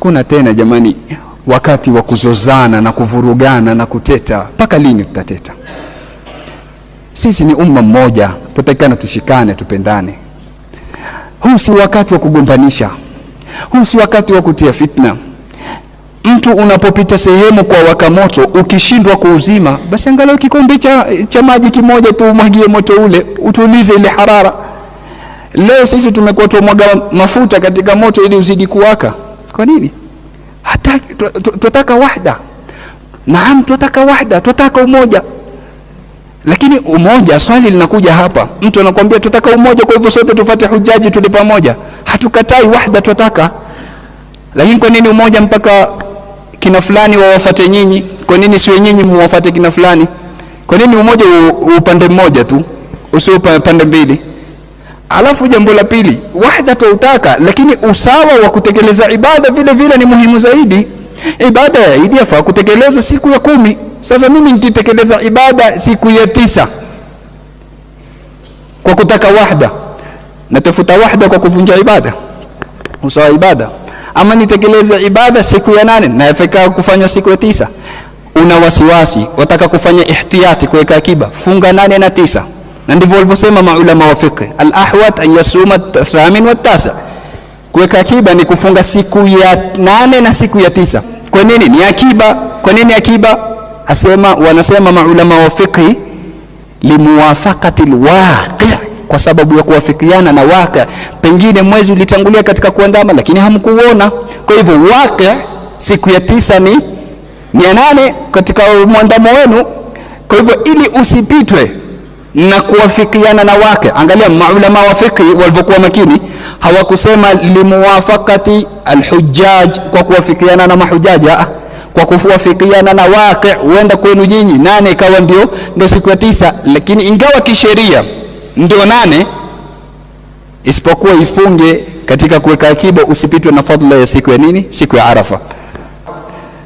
Hakuna tena jamani, wakati wa kuzozana na kuvurugana na kuteta. Mpaka lini tutateta? Sisi ni umma mmoja, tutakana tushikane, tupendane. Huu si wakati wa kugombanisha, huu si wakati wa kutia fitna. Mtu unapopita sehemu kwa waka moto, ukishindwa kuuzima, basi angalau kikombe cha, cha maji kimoja tu umwagie moto ule, utulize ile harara. Leo sisi tumekuwa tumwaga mafuta katika moto ili uzidi kuwaka. Kwa nini? Hataki, twataka wahda. Naam, tunataka wahda, twataka umoja, lakini umoja, swali linakuja hapa, mtu anakuambia twataka umoja, kwa hivyo sote tufate hujaji, tuli pamoja. Hatukatai wahda, twataka, lakini kwa nini umoja mpaka kina fulani wawafate nyinyi? Kwa nini siwe nyinyi muwafate kina fulani? Kwa nini umoja upande mmoja tu usio pande mbili? Alafu jambo la pili, wahda tautaka, lakini usawa wa kutekeleza ibada vile vile ni muhimu zaidi. Ibada ya Idi yafaa kutekelezwa siku ya kumi. Sasa mimi nitekeleza ibada siku ya tisa kwa kutaka wahda, natafuta wahda kwa kuvunja ibada, usawa ibada, ama nitekeleza ibada siku ya nane nayafika kufanywa siku ya tisa. Una wasiwasi, wataka kufanya ihtiyati, kuweka akiba, funga nane na tisa na ndivyo walivyosema maulama wa fiqh. Al ahwat an yasuma thamin wa tasa, kuweka akiba ni kufunga siku ya nane na siku ya tisa. Kwa nini ni akiba? Kwa nini akiba? Asema wanasema maulama wa fiqh, limuwafaqati alwaqi, kwa sababu ya kuwafikiana na waqi. Pengine mwezi ulitangulia katika kuandama, lakini hamkuona. Kwa hivyo waqi, siku ya tisa ni ni nane katika mwandamo wenu. Kwa hivyo ili usipitwe na kuwafikiana na wake. Angalia maulama wa fiqh walivyokuwa makini, hawakusema limuwafakati alhujaj, kwa kuwafikiana na mahujaji kwa kuwafikiana na wake. huenda kwenu nyinyi nane ikawa ndio ndio siku ya tisa, lakini ingawa kisheria ndio nane, isipokuwa ifunge katika kuweka akiba, usipitwe na fadhila ya siku ya nini, siku ya Arafa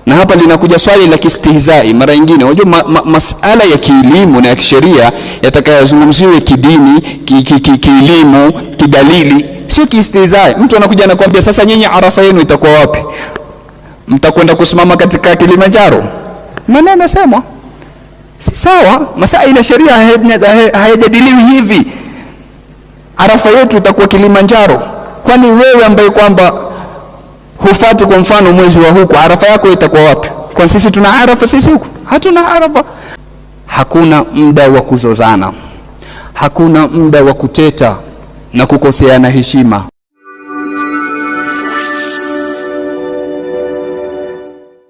na hapa linakuja swali la kistihzai mara nyingine. Unajua ma, ma, masala ya kielimu na ya kisheria yatakayozungumziwe kidini, ki, ki, ki, kielimu, kidalili, sio kistihzai. Mtu anakuja anakuambia, sasa nyinyi arafa yenu itakuwa wapi? Mtakwenda kusimama katika Kilimanjaro? Maneno nasemwa si sawa. Masaili sheria hayajadiliwi hivi. Arafa yetu itakuwa Kilimanjaro? Kwani wewe ambaye kwamba hufati. Kwa mfano mwezi wa huku, arafa yako itakuwa wapi? Kwa sisi tuna arafa, sisi huku hatuna arafa. Hakuna muda wa kuzozana, hakuna muda wa kuteta na kukoseana heshima.